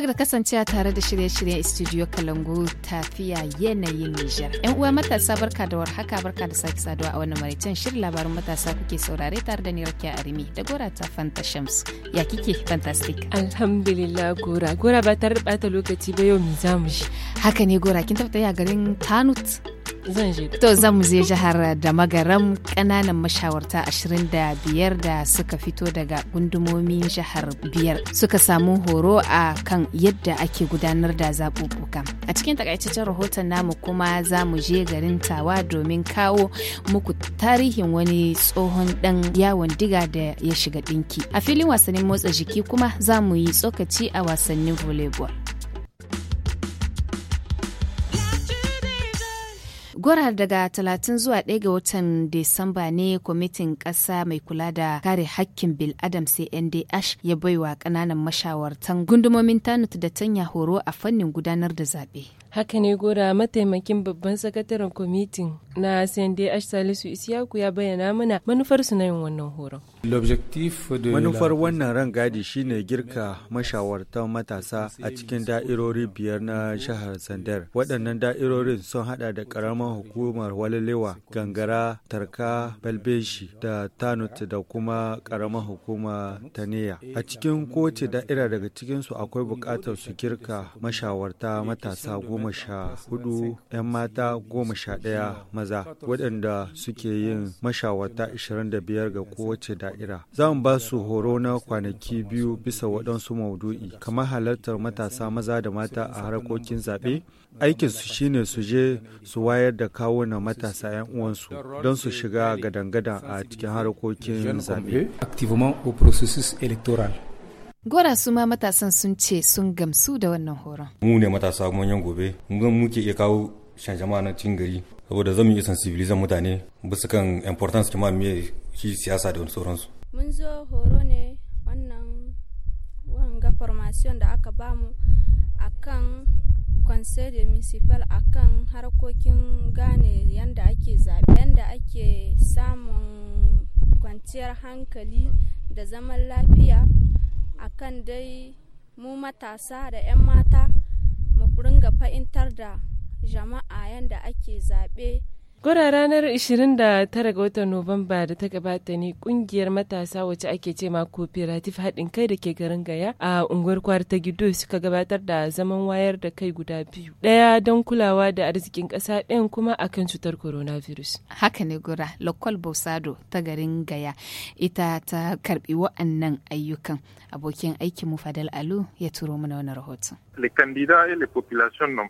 gaba da kasancewa tare da shirye-shiryen studio Kalangu tafiya yanayin Nijar. ‘Yan uwa matasa barka da warhaka barka da sake saduwa a wannan maraicen shirin labarin matasa kuke saurare tare da ni Rakiya Arimi da Gora ta Fanta Shams. Ya kike fantastic. Alhamdulillah Gora. Gora ba tare da bata lokaci ba yau mu za shi. Haka ne Gora kin tafi ya garin Tanut. zan to za mu je jihar da magaram kananan mashawarta 25 da suka fito daga gundumomin jihar biyar suka samu horo a kan yadda ake gudanar da zaɓuɓɓuka a cikin takaitaccen rahoton namu kuma za mu je garin tawa domin kawo muku tarihin wani tsohon ɗan yawon diga da ya shiga ɗinki a filin wasannin motsa jiki kuma za mu yi tsokaci a wasannin volleyball Gora daga 30 zuwa 1 ga watan Disamba ne kwamitin ƙasa mai kula da kare hakkin bill Adam CNDH ya baiwa ƙananan mashawartan gundumomin Tanut da Tanya horo a fannin gudanar da zaɓe. Haka ne gora mataimakin babban sakataren kwamitin na sende Ash Salisu Isiyaku ya bayyana mana manufarsu na yin wannan horon. Manufar wannan rangadi shine girka mashawartan matasa a cikin da'irori biyar na jihar Zandar. Waɗannan da'irorin sun hada da ƙaramar hukumar Walalewa, Gangara, Tarka, Balbeshi da Tanut da kuma ƙaramar hukumar taneya A cikin kowace da'ira daga cikinsu akwai bukatar su girka mashawarta matasa goma goma sha hudu 'yan mata goma sha daya maza waɗanda suke yin mashawata 25 ga kowace da'ira za mu ba su horo na kwanaki biyu bisa waɗansu maudu'i kamar halartar matasa maza da mata a harkokin zaɓe aikinsu shine su je su wayar da kawunan matasa 'yan uwansu don su shiga gadangada a cikin harkokin zaɓe. Gora su ma matasan sun ce sun gamsu da wannan horon. Mu ne matasa kuma yan gobe, mu muke iya kawo shan na cikin gari saboda zamu iya sansibilizan mutane bisa kan importance kima me shi siyasa da wani sauransu. Mun zo horo ne wannan wanga formation da aka bamu akan conseil de municipal akan harkokin gane yanda ake zaɓe yadda ake samun kwanciyar hankali da zaman lafiya akan dai mu matasa da 'yan mata mu ringa fahimtar da jama'a yadda ake zaɓe Gura ranar 29 ga watan Nuwamba da ta gabata ne kungiyar matasa wacce ake ce ma cooperative haɗin kai da ke garin Gaya a unguwar kwar ta Gido suka gabatar da zaman wayar da kai guda biyu. Ɗaya don kulawa da arzikin ƙasa ɗayan kuma a kan cutar coronavirus. Haka ne gura, Lokol Bosado ta garin Gaya ita ta karɓi wa'annan ayyukan. Abokin aikin mu Fadal Alu ya turo mana wani rahoton.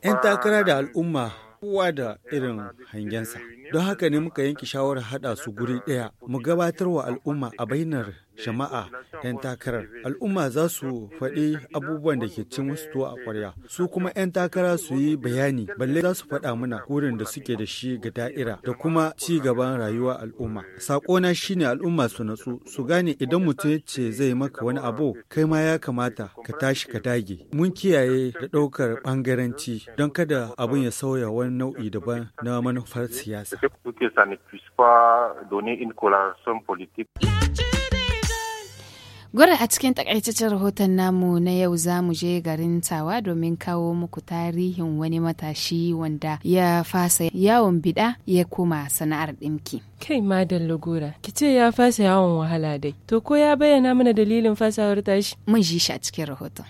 'Yan takara da al'umma kowa da irin hangensa. Don haka ne muka yanke shawarar haɗa su guri ɗaya, mu gabatar wa al'umma a bainar jama'a 'yan takarar al'umma za su faɗi abubuwan da ke cin wasu tuwa a kwarya su kuma 'yan takara su yi bayani balle za su faɗa mana wurin da suke da shi ga da'ira da kuma ci gaban rayuwa al'umma sakona shine al'umma su natsu su gane idan mutum ce zai maka wani abu kai ma ya kamata ka tashi ka dage mun kiyaye da ɗaukar ɓangaranci don kada abin ya sauya wani nau'i daban na manufar siyasa. Gwara a cikin takaitaccen rahoton namu na yau za mu je garin Tawa domin kawo muku tarihin wani matashi wanda ya fasa yawon bida ya kuma sana'ar ɗinki. Kai madan Lagora, ki ce ya fasa yawon wahala dai. To ko ya bayyana mana dalilin fasawar tashi? Mun ji shi a cikin rahoton.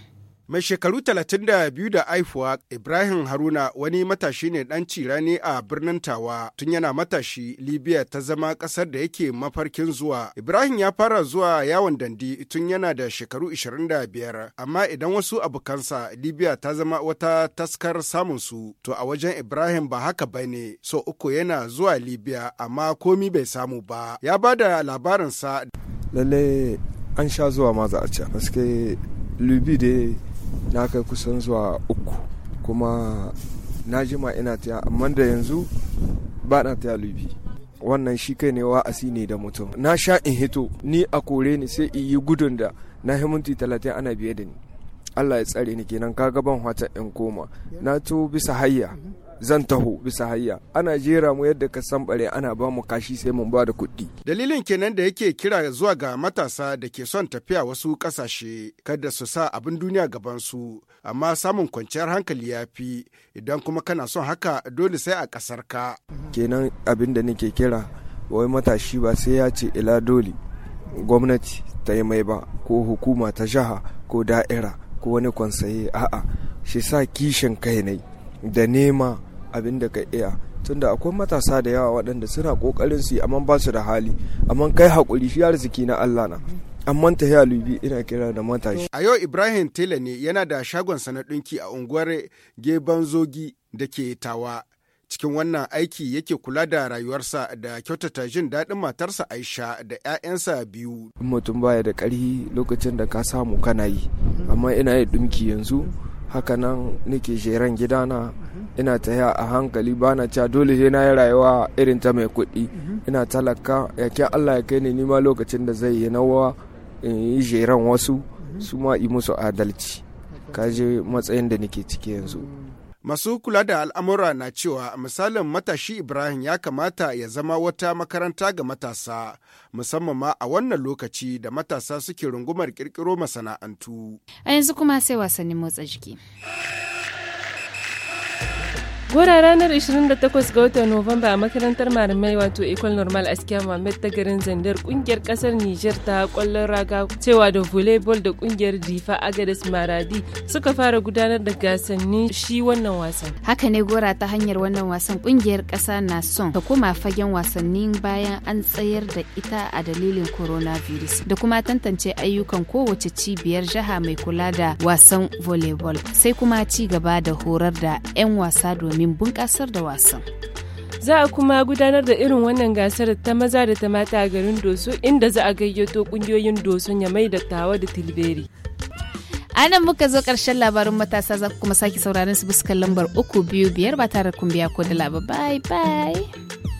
Mai shekaru 32 da aifuwa Ibrahim Haruna wani matashi ne dan cira ne a birnin Tawa tun yana matashi Libya ta zama kasar da yake mafarkin zuwa. Ibrahim ya fara zuwa yawon dandi tun yana da shekaru 25 amma idan wasu abokansa Libya ta zama wata taskar samun su to a wajen Ibrahim ba haka ne so uku yana zuwa Libya amma komi bai samu ba. Ya ba da labarinsa. Lalle an sha zuwa maza a can. Libi da na kai kusan zuwa uku kuma na jima ina taya amma da yanzu ba na taya lubi wannan shi kai ne wa'asi ne da mutum na sha in hito ni a kore ni sai in yi gudun da na yi minti talatin ana biye da ni allah ya tsare ni kenan ka ban wata in koma na to bisa hayya zan taho bisa hayya ana jera mu yadda ka san bare ana ba mu kashi sai mun ba da kuɗi dalilin kenan da yake kira zuwa ga matasa da ke son tafiya wasu ƙasashe kada su sa abin duniya gabansu amma samun kwanciyar hankali ya fi idan kuma kana son haka dole sai a ƙasar ka kenan abin da nake kira wai matashi ba sai ya ce ila dole gwamnati ta yi mai ba ko hukuma ta jaha ko da'ira ko wani kwansaye a'a shi sa kishin kai ne da nema abin da ka iya tunda akwai matasa da yawa waɗanda suna ƙoƙarin su amma ba su da hali amma kai haƙuri shi arziki na Allah na amma ta ya lubi ina kira da matashi a yau Ibrahim Tela ne yana da shagon na ɗinki a unguwar Geban Zogi da ke Tawa cikin wannan aiki yake kula da rayuwarsa da kyautata jin daɗin matarsa Aisha da 'ya'yansa biyu mutum baya da ƙarhi lokacin da ka samu kana yi amma ina yi ɗinki yanzu hakanan nake jeren gidana mhm. ina taya a hankali ba na ca dole sai na yi rayuwa irin ta mai kuɗi mhm. ina talaka yake Allah ya kai ni nima lokacin da zai yi nawa in yi jeren wasu mhm. su ma yi musu adalci ka je matsayin da nake ciki yanzu mm. Masu kula da al'amura na cewa misalin matashi Ibrahim ya kamata ya zama wata makaranta ga matasa, musamman ma a wannan lokaci da matasa suke rungumar ƙirƙiro masana'antu. A yanzu kuma sai wasannin motsa jiki. Gora ranar 28 ga watan Nuwamba a makarantar malamai wato Ecole Normal Askiya Mohammed ta garin Zandar kungiyar kasar Nijar ta kwallon raga cewa da volleyball da kungiyar Difa agadis Maradi suka fara gudanar da gasanni shi wannan wasan. Haka ne Gora ta hanyar wannan wasan kungiyar kasa na son ta koma fagen wasannin bayan an tsayar da ita a dalilin coronavirus da kuma tantance ayyukan kowace cibiyar jiha mai kula da wasan volleyball sai kuma ci gaba da horar da 'yan wasa domin domin bunƙasar da wasan. za a kuma gudanar da irin wannan gasar ta maza da ta mata a garin doso inda za a gayyato ƙungiyoyin doson ya mai da tawa da tilberi a nan muka zo ƙarshen labarin matasa za kuma sake sauraron su biskan lambar uku biyu biyar ba tare kun biya ko da laba bye bye